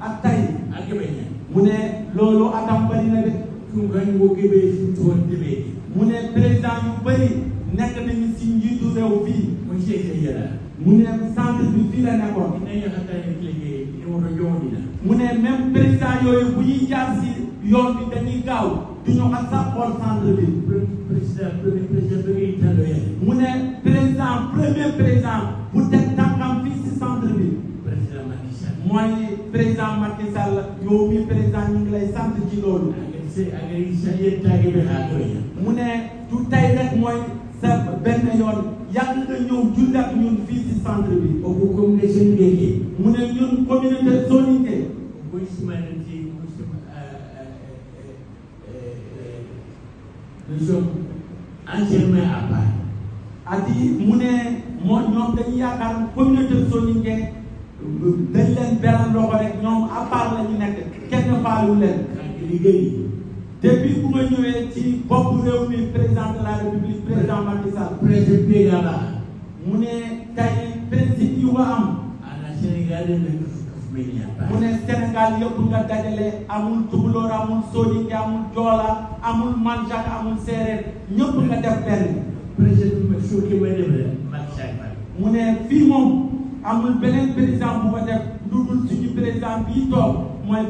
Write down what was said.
ak tay mu ne loolu atam bari na de mu ne président yu bari nekk nañu si njiitu réew fii mu ne centre bi fii la nekkoon mu ne même président yooyu bu ñuy jaar si yoon bi dañuy gaaw du ñu xam sax xool centre bi président premier président mu ne président premier président mooy président Macky Sall yow mi président ñu ngi lay sant ci loolu. mu ne du tey rek mooy sa benn yoon yàgg nga ñëw julli ak ñun fii ci centre bi. kooku communauté mu ne ñun communauté solidarité. mooy semence ci nous sommes entièrement à part. at yi mu ne moo ñoom dañuy yaakaar communauté solidarité. dañ leen benn loxo rek ñoom à part la ñu nekk kenn faalu leen liggéey depuis bu nga ñëwee ci bopp réew mi président de la république président Macky Sall président yàlla mu ne tey principe yu nga am ah, Sénégal mu ne Sénégal yëpp nga dajale amul tukulóor amul soninke amul joola amul manjak amul séeréer ñëpp nga def benn président bi ma suuf ki may def rek mu ne fii moom amul beneen président bu ko def lu dul suñu président bii toog mooy